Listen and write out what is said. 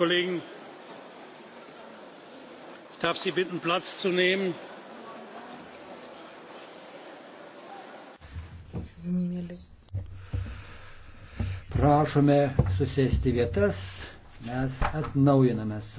kollegen! ich darf sie bitten platz zu nehmen. prašome susėsti į vietas mes atnaujiname savo posėdį.